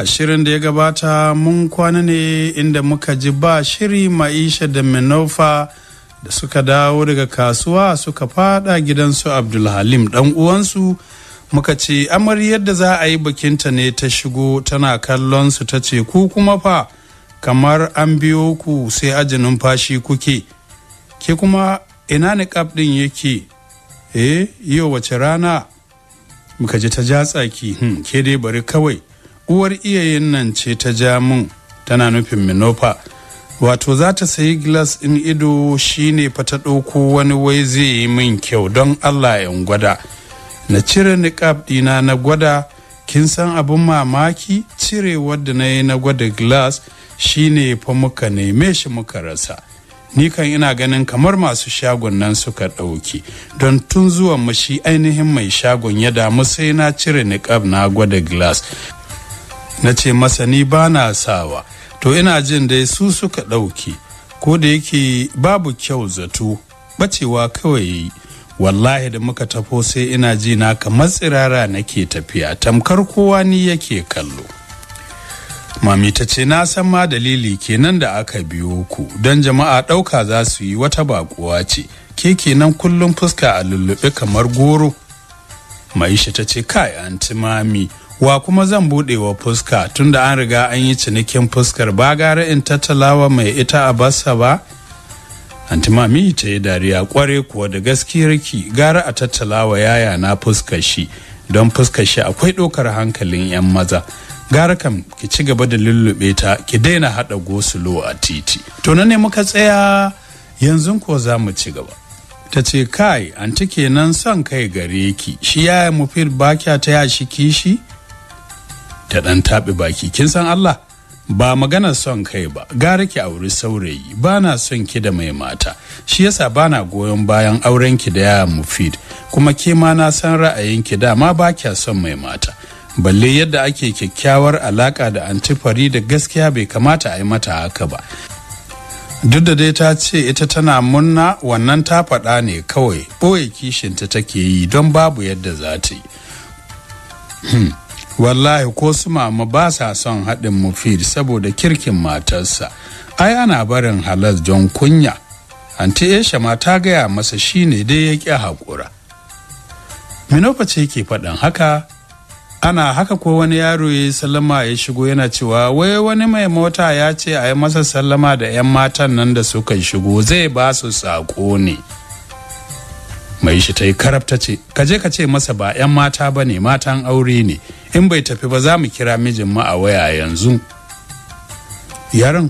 a shirin da ya gabata mun kwana ne inda muka ji ba shiri maisha da minofa da suka dawo daga kasuwa suka fada gidansu abdulhalim dan uwansu muka ce amaryar da za a yi bikinta ne ta shigo tana kallon su ta ce ku kuma fa kamar an biyo ku sai aji numfashi kuke ke kuma ina niƙaf ɗin yake eh yau wace rana muka ji ta ja tsaki hmm, ke dai bari kawai uwar iyayen nan ce ta ja mun tana nufin minofa wato za ta sayi glass in ido shine fa ta ɗauko wani wai zai yi min kyau don allah yan gwada na cire niqab ɗina na gwada kin san abin mamaki cire wadda na yi na gwada glass shine fa muka neme shi muka rasa ni kan ina ganin kamar masu shagon nan suka ɗauki don tun zuwan mashi ainihin mai shagon ya damu sai na cire niqab na gwada glass na ce masa ni ba na sawa to ina jin dai su suka ɗauki ko da yake babu kyau zato bacewa kawai yi wallahi da muka tafo sai ina ji na kamar tsirara nake tafiya tamkar kowa ni yake kallo mami ta ce na san ma dalili kenan da aka biyo ku don jama'a ɗauka za su yi wata bakuwa ce ke kenan kullum fuska a lullube kamar goro maisha ta ce kai anti mami wa kuma zan buɗe wa fuska tunda an riga an yi cinikin fuskar ba gara in tattalawa mai ita a basa ba antimami ta yi dariya kware kuwa da gaskiyar ki gara a tattalawa yaya na fuskar shi don fuskar shi akwai ɗaukar hankalin 'yan maza gara kam ki ci gaba da lullube ta ki daina haɗa gosulo a titi to na ne muka tsaya yanzu ko za mu ci gaba ta ce kai anti kenan son kai gare ki shi yaya mufir ba kya taya shi kishi ta ɗan taɓi baki kin san Allah ba magana son kai ba gara ki auri saurayi ba na son ki da mai mata shi yasa ba na goyon bayan auren ki da yaya mufid kuma ke ma na san ra'ayin ki dama ba kya son mai mata balle yadda ake kyakkyawar alaka da antifari da gaskiya bai kamata a yi mata haka ba duk da dai ta ce ita tana munna wannan ta faɗa ne kawai ɓoye kishinta take yi don babu yadda za ta yi hmm. wallahi ko su mama ba sa son haɗin mufid saboda kirkin matarsa ai ana barin halas don kunya anti esha ma ta gaya masa shine dai ya ƙi haƙura minofa ce ke faɗin haka ana haka ko wani yaro ya yi sallama ya shigo yana cewa wai wani mai mota ya ce a yi masa sallama da 'yan matan nan da suka shigo zai ba su saƙo ne mai shi ta yi karabta ce ka je ka ce masa ba 'yan mata ba ne matan aure ne in bai tafi ba za mu kira mijin ma a waya yanzu yaron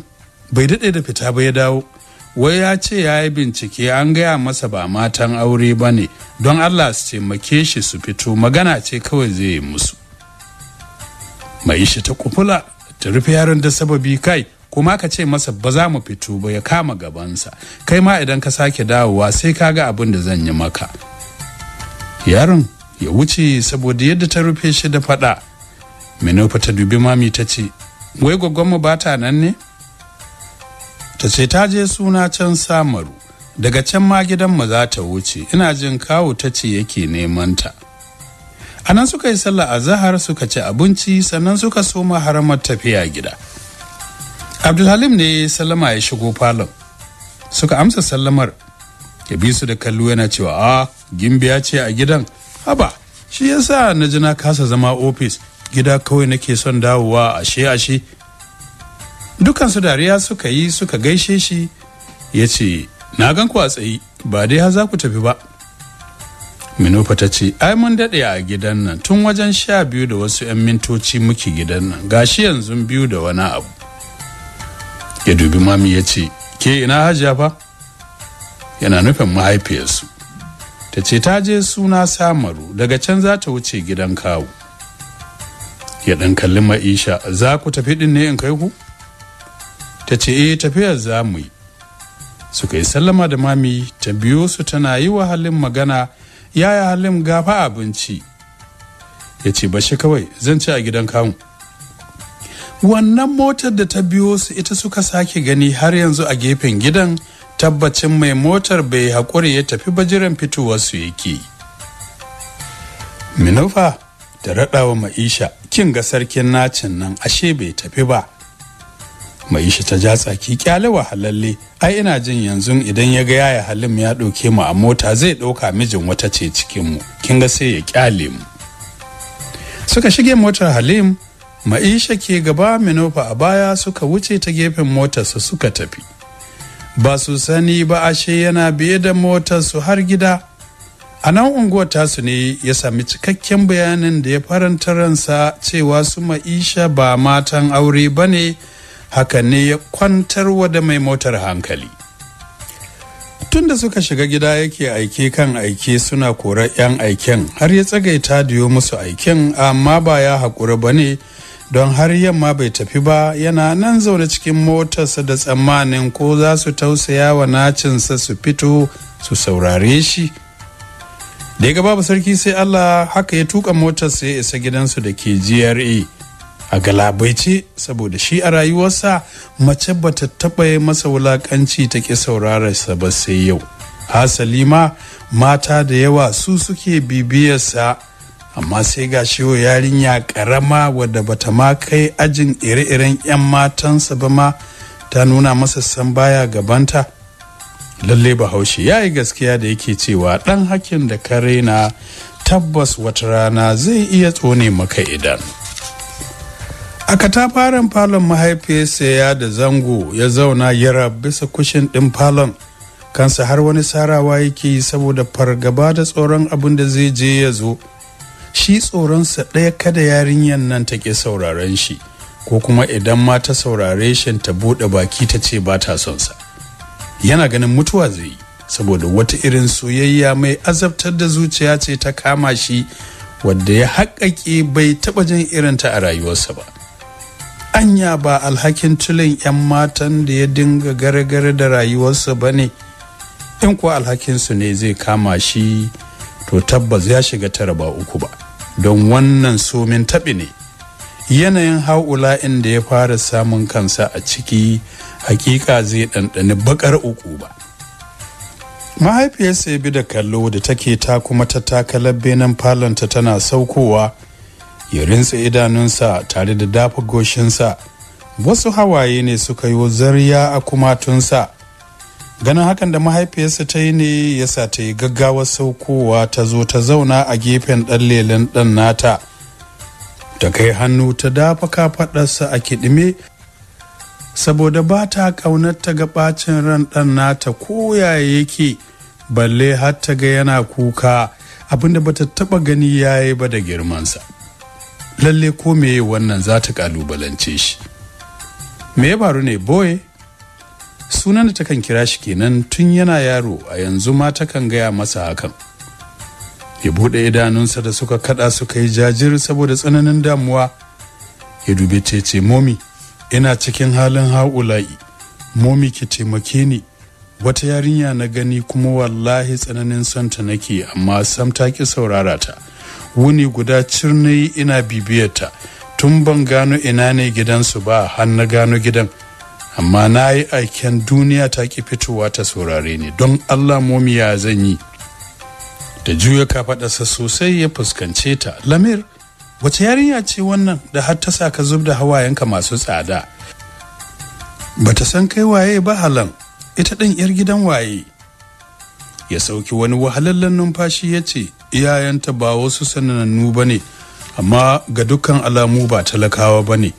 bai daɗe da fita ba ya dawo wai ya ce ya yi bincike an gaya masa ba matan aure ba ne don allah su taimake shi su fito magana ce kawai zai yi musu mai shi ta kufula ta rufe yaron da sababi kai kuma ka ce masa ba za mu fito ba ya kama gabansa kai ma idan ka sake dawowa sai ka ga abin da zan yi maka yaron ya wuce saboda yadda ta rufe shi da faɗa minofa ta dubi mami ta ce wai mu ba ta nan ne ta ce ta je suna can samaru daga can ma gidanmu za ta wuce ina jin kawo ta ce yake neman ta a nan suka yi sallah a zahar suka ci abinci sannan suka soma haramar tafiya gida abdulhalim ne sallama ya shigo falon suka amsa sallamar ya bi su da kallo yana cewa a ah, gimbiya ce a gidan haba shi yasa na ji na kasa zama ofis gida kawai nake son dawowa ashe ashe dukansu dariya suka yi suka gaishe shi ya ce na gan ku a tsayi ba dai har za ku tafi ba minofa ta ce ai mun daɗe a gidan nan tun wajen sha biyu da wasu 'yan mintoci muke gidan nan gashi yanzu biyu da wani abu ya dubi mami ya ce ke ina hajiya fa yana nufin mahaifiyarsu ta ce ta je suna samaru daga can za ta wuce gidan kawu ya ɗan kalli ma'isha za ku tafi ɗin ne in kai ku ta ce eh tafiyar za mu yi suka yi sallama da mami ta biyo su tana yi wa halin magana yaya halin gafa abinci ya ce bashi kawai zan ci a gidan kawo wannan motar da ta biyo su ita suka sake gani har yanzu a gefen gidan tabbacin mai motar bai haƙuri ya tafi bajiran su yake minufa da raɗawa ma'isha kin ga sarkin nacin nan ashe bai tafi ba maisha ta ja tsaki kyale wahalalle ai ina jin yanzu idan ya ga yaya halim ya ɗauke mu a mota zai ɗauka mijin wata ce cikinmu kin ga sai ya kyale mu suka shige motar halim ma'isha ke gaba minofa a baya suka wuce ta gefen su suka tafi ba su sani ba ashe yana biye da su har gida a nan unguwar tasu ne ya sami cikakken bayanin da ya faranta ransa cewa su ma'isha ba matan aure ba ne hakan ne ya kwantar wa da mai motar hankali Tunda suka shiga gida yake aike kan aike suna korar 'yan aiken har ya tsagaita diyo musu aiken amma ba ya haƙura ba ne don har yamma bai tafi ba yana nan zaune cikin motarsa da tsammanin ko za su tausaya wa nacinsa su fito su saurare shi da ya sarki sai allah haka ya tuka motarsa ya isa gidansu da ke gra a galabaice saboda shi a rayuwarsa mace bata ta taɓa masa wulakanci ta ƙi saurararsa ba sai yau hasali ma mata da yawa su suke bibiyarsa amma sai ga shiwo yarinya karama wadda bata ma kai ajin ire-iren 'yan matansa ba ma ta nuna masa san baya gabanta lalle bahaushe ya yi gaskiya da yake cewa dan hakin da ka na tabbas wata rana zai iya tsone maka idan a katafaren falon mahaifiyarsa ya da zango ya zauna yara bisa kushin din falon kansa har wani sarawa yake yi saboda fargaba da tsoron abin da zai je ya zo shi tsoronsa ɗaya kada yarinyar nan ta ke sauraren shi ko kuma idan ma ta saurare shi ta buɗe baki ta ce ba ta son sa yana ganin mutuwa zai yi saboda wata irin soyayya mai azabtar da zuciya ce ta kama shi wadda ya haƙaƙe bai taɓa jin irinta a rayuwarsa ba anya ba alhakin tulin 'yan matan da ya dinga gare-gare da rayuwarsa ba ne in kuwa alhakinsu ne zai kama shi to tabbas ya shiga tara ba uku ba don wannan sumin taɓi ne yanayin haula inda ya fara samun kansa a ciki hakika zai ɗanɗani bakar uku ba mahaifiyarsa ya bi da kallo da take ta kuma ta takalar benin falonta tana saukowa ya rinsa idanunsa tare da dafa goshinsa wasu hawaye ne suka yi zariya a kumatunsa ganin hakan da mahaifiyarsa ta yi ne ya sa ta yi gaggawar saukowa ta zo ta zauna a gefen ɗan lelen ɗan nata ta kai hannu ta dafa kafaɗarsa a kiɗime saboda ba ta ƙaunar ta ga ɓacin ran ɗan nata ko yaya yake balle har ta ga yana kuka abinda bata taɓa gani yayi ba da girmansa lalle ko meye wannan za ta ƙalubalance shi me ya faru ne boye sunan da takan kira shi kenan tun yana yaro a yanzu ma takan gaya masa hakan ya buɗe idanunsa da suka kada suka yi jajir saboda tsananin damuwa ya dube ce ce momi ina cikin halin haƙula'i momi ki taimake ni wata yarinya na gani kuma wallahi tsananin santa nake amma sam ta ki saurara ta wuni guda cirnai ina bibiyarta tun ban gano ina ne gidansu ba har na gano gidan amma na yi aiken duniya ta ki fitowa ta saurare ni don allah momiya zan yi da juya kafaɗarsa sosai ya fuskance ta lamir wace yarinya ce wannan da har ta saka zub da hawayenka masu tsada Ba ta san kai waye ba halan ita ɗin yar gidan waye ya sauki wani wahalallen numfashi ya ce iyayenta ba wasu sanannu ba ne amma ga dukkan alamu ba talakawa ba ne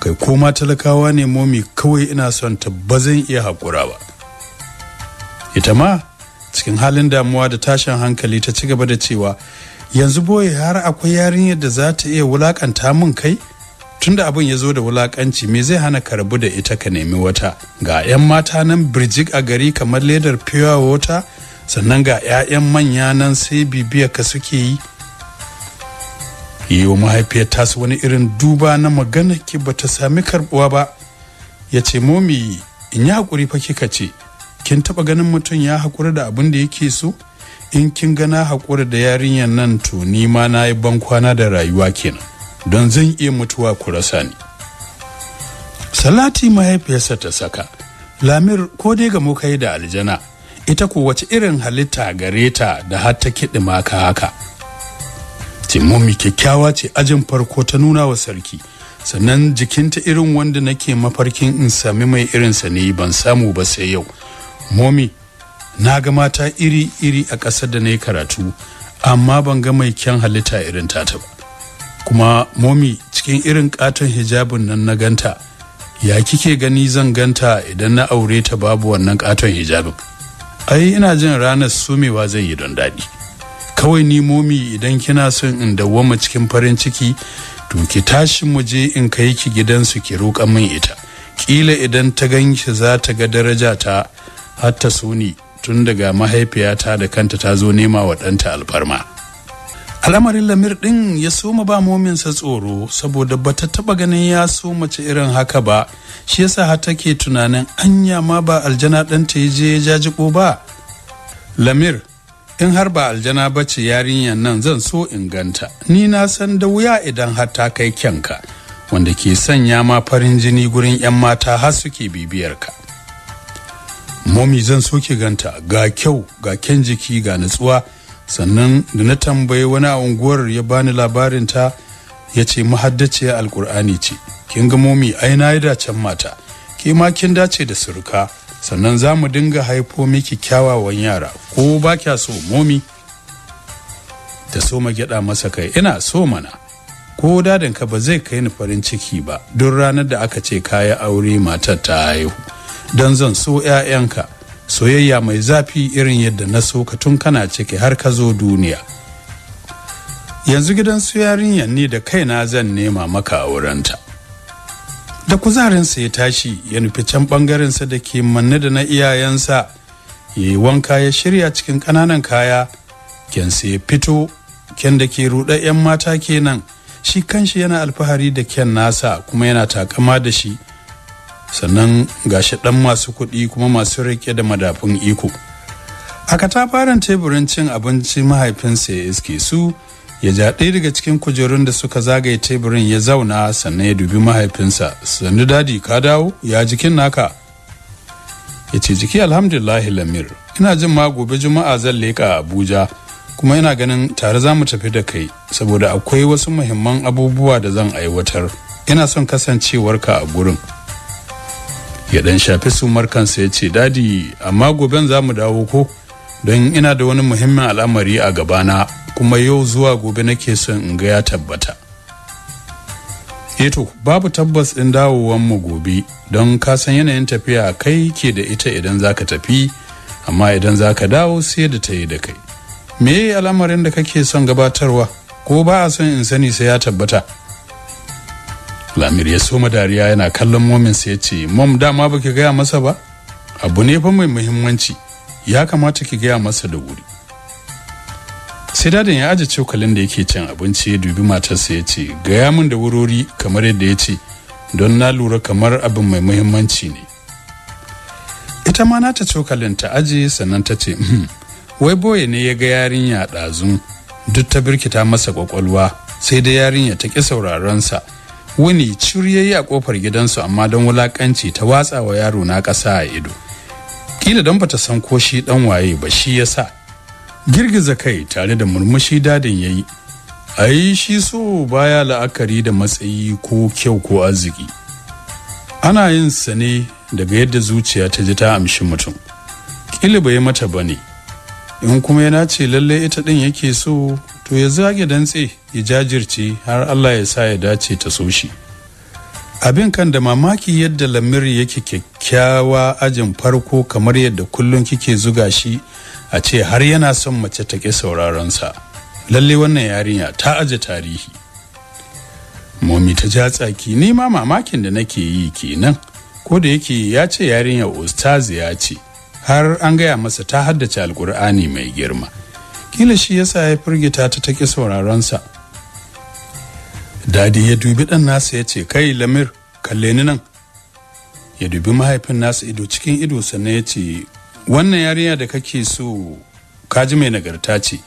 kai koma talakawa ne momi kawai ina son ta zan iya haƙura ba ita ma cikin halin damuwa da tashin hankali ta ci gaba da cewa yanzu boye har akwai yarinyar da za ta iya wulakanta min kai tunda abin ya zo da wulakanci me zai hana ka rabu da ita ka nemi wata ga 'yan mata nan birjik a gari kamar ledar pure water sannan ga 'ya'yan manya nan sai bibiya ka suke yi yi wa mahaifiyar tasu wani irin duba na magana ki ta sami karbuwa ba ya ce momi in yi haƙuri fa kika ce kin taɓa ganin mutum ya haƙura da abin da yake so in kin gana haƙura da yarinyar nan to ni ma na yi ban kwana da rayuwa kenan don zan iya mutuwa ku rasa ni salati mahaifiyarsa ta saka lamir ko dai ga muka da aljana ita ko wace irin halitta gare ta da har ta kiɗi maka haka ce mummy kyakkyawa ce ajin farko ta nuna wa sarki sannan jikinta irin wanda nake mafarkin in sami mai irinsa ne ban samu ba sai yau momi na ga mata iri-iri a ƙasar da na yi karatu amma ban ga mai kyan halitta irin ta ba kuma momi cikin irin katon hijabin nan na ganta ya kike gani zan ganta idan na aure ta babu wannan katon hijabin ai ina jin ranar sumewa zai yi don daɗi kawai ni momi idan kina son in dawwama cikin farin ciki to ki tashi mu je in kai ki gidansu ki roƙa min ita kila idan ta ganki za ta ga daraja ta har ta so tun daga mahaifiyata da kanta ta zo nema wa ɗanta alfarma al'amarin lamir ɗin ya soma ba mominsa tsoro saboda ba ta taɓa ganin ya so mace irin haka ba shi yasa har take tunanin anya ma ba aljana ɗanta ya je ya jajiƙo ba lamir in har ba aljana ba ce yarinyar nan zan so in ganta ni na san da wuya idan har ta kai kyanka wanda ke sanya ma farin jini gurin 'yan mata har suke bibiyar ka momi zan so ki ganta ga kyau ga kyan jiki ga natsuwa sannan da na tambayi wani a unguwar ya bani labarin ta ya ce mahaddaciyar alkur'ani ce kin ga momi ai na yi dacen mata ke ma kin dace da suruka. sannan za mu dinga haifo miki kyawawan yara ko ba kya so momi da so ma gyaɗa masa kai ina so mana ko dadinka ba zai kai ni farin ciki ba don ranar da aka ce kaya aure matar ta haihu don zan so 'ya'yanka soyayya mai zafi irin yadda na so ka tun kana ciki har ka zo duniya yanzu gidan su yarinyar ne da kaina zan nema maka aurenta da sa ya tashi ya nufi can ɓangarensa da ke manne da na iyayensa ya yi wanka ya shirya cikin ƙananan kaya kyansa ya fito ken da ke ruɗa 'yan mata kenan shi kanshi yana alfahari da ken nasa kuma yana takama da shi sannan gashi ɗan masu kuɗi kuma masu rike da madafin iko a katafaren teburin cin abinci mahaifinsa ya iske su ya ja ɗaya daga cikin kujerun da suka zagaye teburin ya zauna sannan ya dubi mahaifinsa sannu dadi ka dawo ya jikin naka ya ce jiki alhamdulillahi lamir ina jin ma gobe juma'a zan leƙa abuja kuma ina ganin tare za mu tafi da kai saboda akwai wasu muhimman abubuwa da zan aiwatar ina son kasancewarka a gurin ya dan shafi sumar kansa ya ce dadi amma goben za mu dawo ko don ina da wani muhimmin al'amari a gabana kuma yau zuwa gobe nake son in ga ya tabbata eto eh babu tabbas ɗin dawowan mu gobe don kasan yanayin tafiya kai ke da ita idan zaka tafi amma idan zaka dawo sai da ta da kai me al'amarin da kake son gabatarwa ko ba a son in sani sai ya tabbata lamir ya soma dariya yana kallon momin sai ya ce mom dama baki gaya masa ba abu ne fa mai muhimmanci ya kamata ki gaya masa da wuri sai dadin ya aje cokalin da yake cin abinci ya dubi matarsa ya ce gaya min da wurori kamar yadda ya ce don na lura kamar abin mai muhimmanci ne ita ma nata cokalin ta aje sannan ta ce hmm, wai boye ne ya ga yarinya ɗazun duk ta birkita masa kwakwalwa sai da yarinya ta ƙi saurarensa wani yi a kofar gidansu amma don wulakanci ta watsa wa yaro na ƙasa a ido kila don bata san ko shi dan waye ba shi yasa girgiza kai tare da murmushi dadin ya yi A yi shi so baya la'akari da matsayi ko kyau ko arziki ana yin sa ne daga yadda zuciya ta ji ta amshi mutum ƙila bai mata ba ne in kuma yana ce lalle ita ɗin yake so to ya zage dantse ya jajirce har allah ya sa ya dace ta so shi abin kan da mamaki yadda lamir yake kyakkyawa ajin farko kamar yadda kullum kike zuga shi a ce har yana son mace ta ƙi sa. lalle wannan yarinya ta aje tarihi momi ta ja tsaki ni ma mamakin da nake yi kenan ko da yake ya ce yarinya ustaz ya ce har an gaya masa ta haddace alkur'ani mai girma kila shi yasa ya firgita ta sauraron sauraronsa dadi ya dubi ɗan nasa ya ce kai lamir kalle ni nan ya dubi mahaifin nasa ido cikin ido sannan ya ce wannan yarinya da kake so kaji mai nagarta ce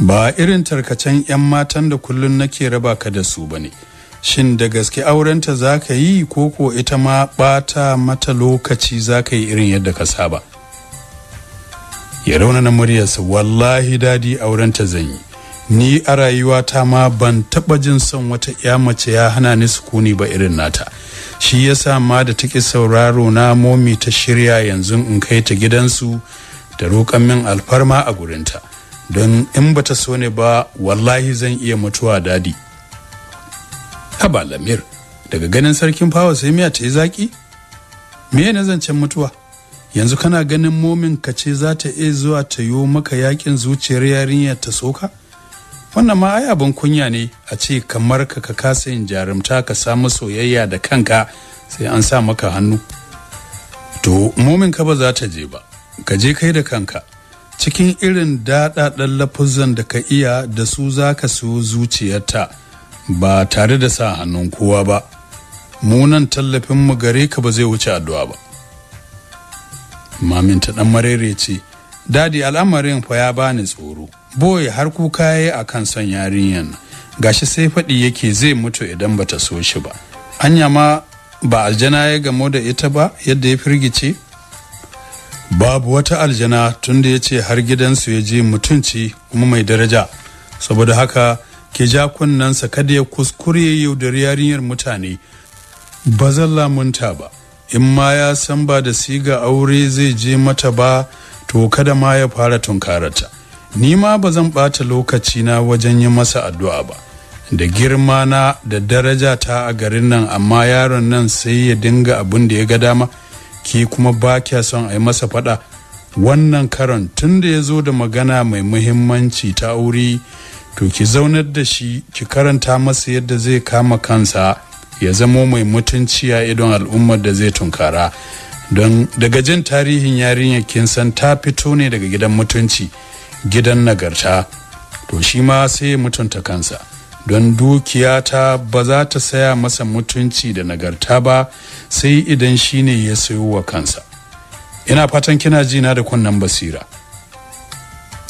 ba irin tarkacen 'yan matan da kullum nake raba ka da su ba ne shin da gaske aurenta za ka yi ko ko ita ma ɓata mata lokaci za ka yi irin yadda ka saba ya rauna na muryarsa wallahi dadi aurenta zan yi ni a rayuwata ma ban taɓa jin son wata ya mace ya hana ni sukuni ba irin nata shi yasa ma da take sauraro na momi ta shirya yanzu in kai ta gidansu da roƙon min alfarma a gurinta don in bata so ne ba wallahi zan iya mutuwa dadi haba lamir daga ganin sarkin fawa sai miya ta yi zaki me ne zancen mutuwa yanzu kana ganin momin ka ce za ta iya zuwa ta yo maka yakin zuciyar yarinya ta soka wannan ma ai abin kunya ne a ce kamar ka ka kasa yin jarumta ka samu soyayya da kanka sai an sa maka hannu to momin ka ba za ta je ba ka je kai da kanka cikin irin daɗaɗɗen lafuzan da ka iya da su za ka so zuciyarta ba tare da sa hannun kowa ba munan tallafin mu gare ka ba zai wuce addu'a ba mamin ta dan marere ce dadi al'amarin fa ya bani tsoro boy har kuka a kan son yarinyan gashi sai faɗi yake zai mutu idan bata so shi ba anya ma ba aljana ya gamo da ita ba yadda ya firgice babu wata aljana tunda ya ce har gidansu ya je mutunci kuma mai daraja saboda haka ke ja kunnansa kada ya kuskure yaudar yarinyar mutane ba zan lamunta ba in ma ya san ba da siga aure zai je mata ba to kada ma ya fara tunkarata ni ma ba zan ɓata lokacina wajen yi masa addu'a ba da girma na da daraja ta a garin nan amma yaron nan sai ya dinga abin da ya ga dama ke kuma ba kya son a yi masa faɗa wannan karon tun da ya zo da magana mai muhimmanci ta wuri to ki zaunar da shi ki karanta masa yadda zai kama kansa ya zamo mai mutunci a idon al'ummar da zai tunkara don daga jin tarihin yarinyar kin san ta fito ne daga gidan mutunci gidan nagarta to shi ma sai mutunta kansa don dukiyata ba za ta saya masa mutunci da nagarta ba sai idan shi ne ya sayo wa kansa ina fatan kina jina da kunnan basira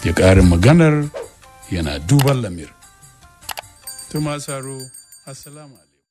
ya ƙarin maganar yana duban lamir tumasaro assalamu